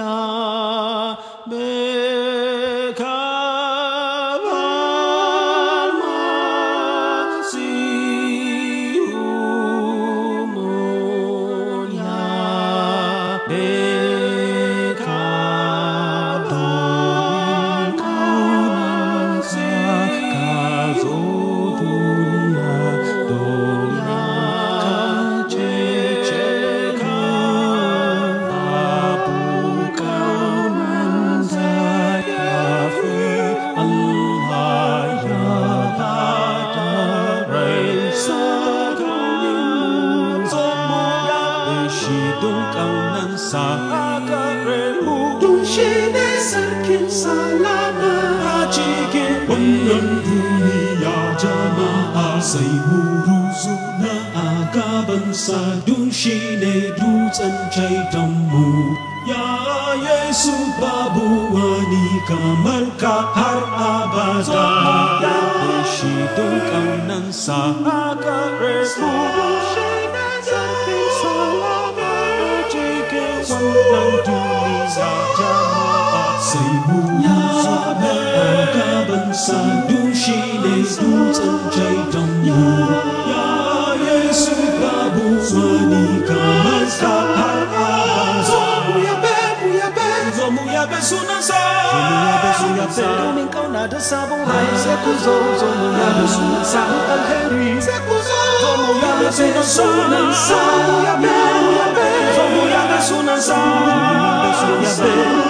Krishna Dunshidunkanan Sahakarelu Dunshide Sarkin Salama Hajige Wannan duniya jama'a sai muruzuna a gabansa Dunshine dutsen caitonmu Ya Yesu babu wani kamar ka har abada Dunshidunkanan Sahakarelu seibu Nhà ca bên xa đu shi lê sa, chân chay trong nhà Nhà Yesu ca bu xua đi ca mê xa hạ hạ sa. mu ya bê mu ya bê Dô mu ya bê su na sa Dô mu ya bê su na sa Dê đô mình câu nà đất xa vong hai sa. cu dô dô mu ya bê su na sa Ân hê rì Sẽ cu dô Dô sa. ya bê su na sa Dô mu ya bê su na sa Dô mu ya bê su na sa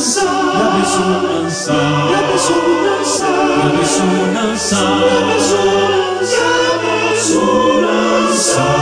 Ansar Rabbisun Ansar Rabbisun Ansar Rabbisun Ansar Rabbisun Ansar Rabbisun Ansar